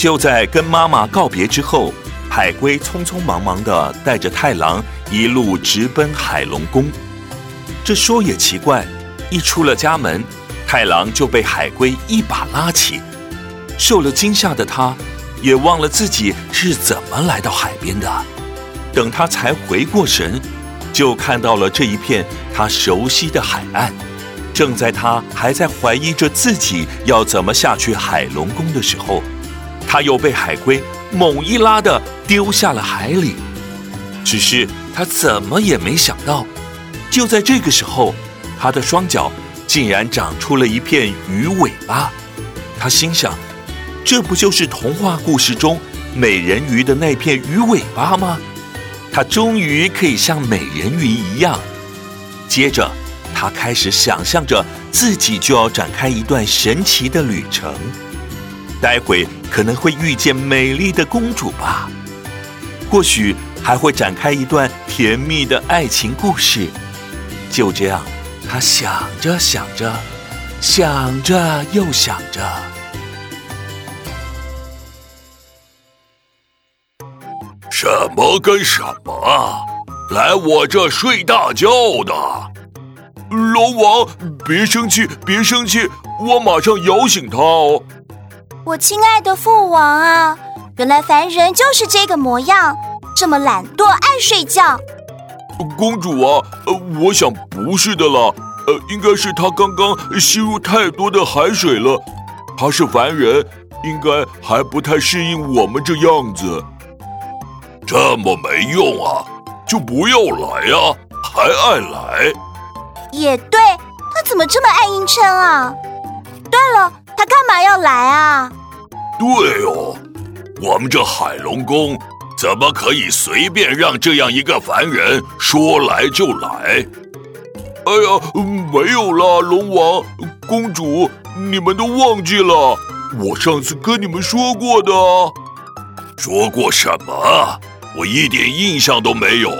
就在跟媽媽告別之後，海龜匆匆忙忙地帶着太郎一路直奔海龍宮。這說也奇怪，一出了家門，太郎就被海龜一把拉起。受了驚嚇的他，也忘了自己是怎麼來到海邊的。等他才回過神，就看到了這一片他熟悉的海岸。正在他還在懷疑着自己要怎麼下去海龍宮的時候。他又被海龜猛一拉地丟下了海裡，只是他怎麼也沒想到，就在這個時候，他的雙腳竟然長出了一片魚尾巴。他心想，這不就是童話故事中美人魚的那片魚尾巴嗎？他終於可以像美人魚一樣。接着，他開始想象着自己就要展開一段神奇的旅程。待會可能會遇見美麗的公主吧，或許還會展開一段甜蜜的愛情故事。就這樣，他想着想着，想着又想着，什麼跟什麼啊？來我這睡大覺的。龍王，別生氣，別生氣，我馬上搖醒他哦。我親愛的父王啊，原來凡人就是這個模樣，這麼懶惰，愛睡覺。公主啊，呃，我想不是的了，呃，應該是他剛剛吸入太多的海水了。他是凡人，應該還不太適應我們這樣子。這麼沒用啊，就不要來啊，還愛來。也對，他怎麼這麼愛硬撐啊？他幹嘛要來啊？對哦，我們這海龍宮怎麼可以隨便讓這樣一個凡人說來就來？哎呀，沒有啦，龍王、公主，你們都忘記了，我上次跟你們說過的。說過什麼？我一點印象都沒有。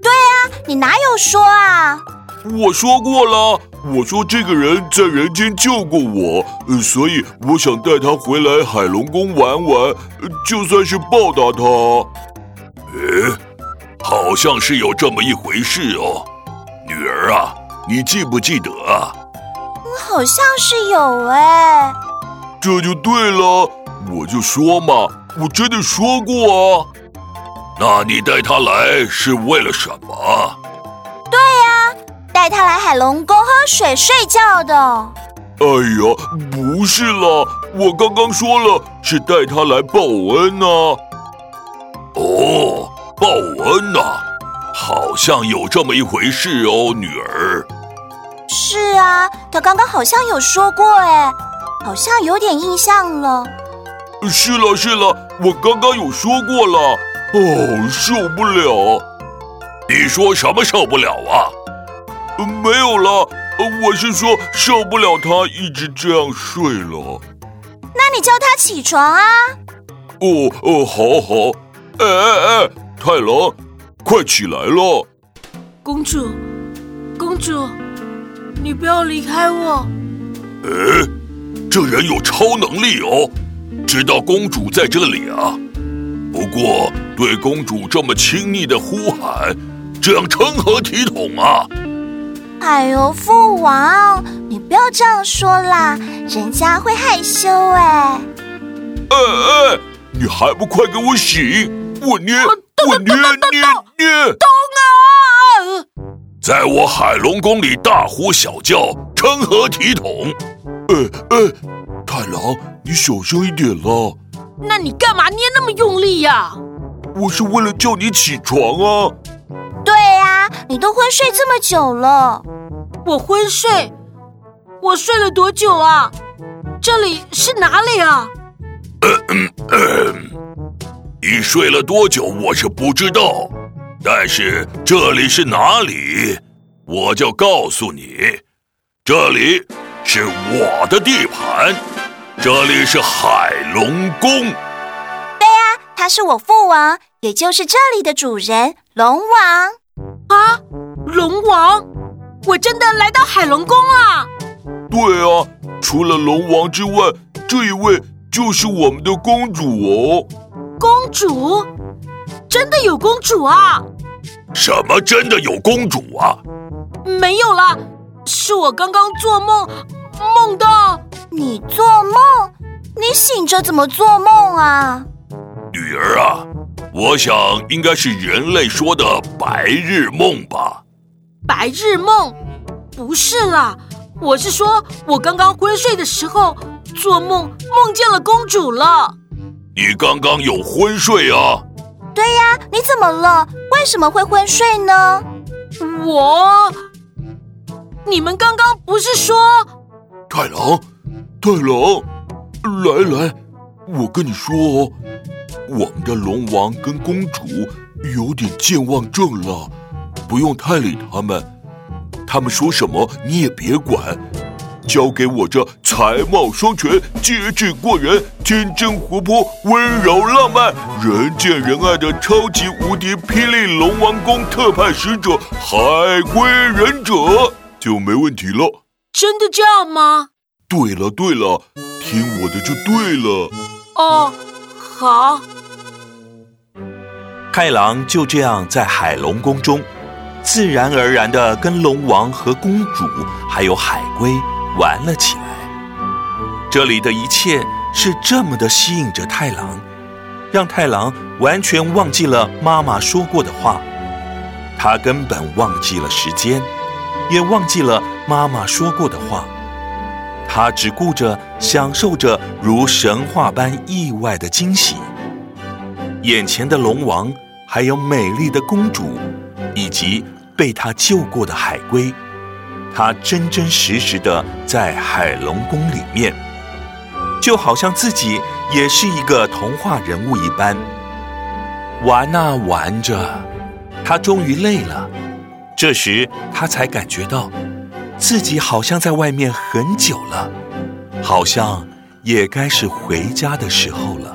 對啊，你哪有說啊？我說過了。我說這個人在人間救過我，所以我想帶他回來海龍宮玩玩，就算是報答他。誒，好像是有這麼一回事哦。女兒啊，你記不記得啊？好像是有誒、欸。這就對了，我就說嘛，我真的說過啊。那你帶他來是為了什麼？帶他來海龍宮喝水睡覺的？哎呀，不是啦，我剛剛說了是帶他來報恩吶、啊。哦，報恩吶、啊，好像有這麼一回事哦，女兒。是啊，他剛剛好像有說過哎，好像有點印象了。是了是了，我剛剛有說過了。哦，受不了！你說什麼受不了啊？沒有了，我是說受不了他一直這樣睡了。那你叫他起床啊！哦哦，好好。哎哎哎，太郎，快起來了！公主，公主，你不要離開我！哎，這人有超能力哦，知道公主在這裡啊。不過對公主這麼親密的呼喊，這樣成何體統啊？哎呦，父王，你不要這樣說啦，人家會害羞、欸、哎。呃、哎、呃，你還不快給我洗？我捏，我捏捏捏。懂啊，在我海龍宮裡大呼小叫，成何體統？呃、哎、呃、哎，太郎，你小聲一點啦。那你幹嘛捏那麼用力呀、啊？我是為了叫你起床啊。你都昏睡這麼久了。我昏睡，我睡了多久啊？這裡是哪裡啊？嗯嗯嗯，你睡了多久我是不知道，但是這裡是哪裡，我就告訴你，這裡是我的地盤，這裡是海龍宮。對啊，他是我父王，也就是這裡的主人，龍王。啊，龍王，我真的來到海龍宮了。對啊，除了龍王之外，這一位就是我們的公主哦。公主，真的有公主啊？什麼？真的有公主啊？沒有啦，是我剛剛做夢夢到。你做夢？你醒着怎麼做夢啊？女兒啊。我想應該是人類說的白日夢吧。白日夢？不是啦。我是說，我剛剛昏睡的時候做夢，夢見了公主了。你剛剛有昏睡啊？對呀。你怎麼了？為什麼會昏睡呢？我……你們剛剛不是說太郎？太郎，來來，我跟你說哦。我們的龍王跟公主有點健忘症了，不用太理他們，他們說什麼你也別管，交給我這才貌雙全、機智過人、天真活潑、溫柔浪漫、人見人愛的超級無敵霹靂霹龍王宮特派使者海龜忍者就沒問題了。真的這樣嗎？對了對了，聽我的就對了。哦、oh。好，太郎就這樣在海龍宮中，自然而然地跟龍王和公主還有海龜玩了起來。這裡的一切是這麼的吸引着太郎，讓太郎完全忘記了媽媽說過的話，他根本忘記了時間，也忘記了媽媽說過的話。他只顧着享受着如神話般意外的驚喜，眼前的龍王，還有美麗的公主，以及被他救過的海龜，他真真實實的在海龍宮裡面，就好像自己也是一個童話人物一般。玩啊玩着，他終於累了，這時他才感覺到。自己好像在外面很久了，好像也該是回家的時候了。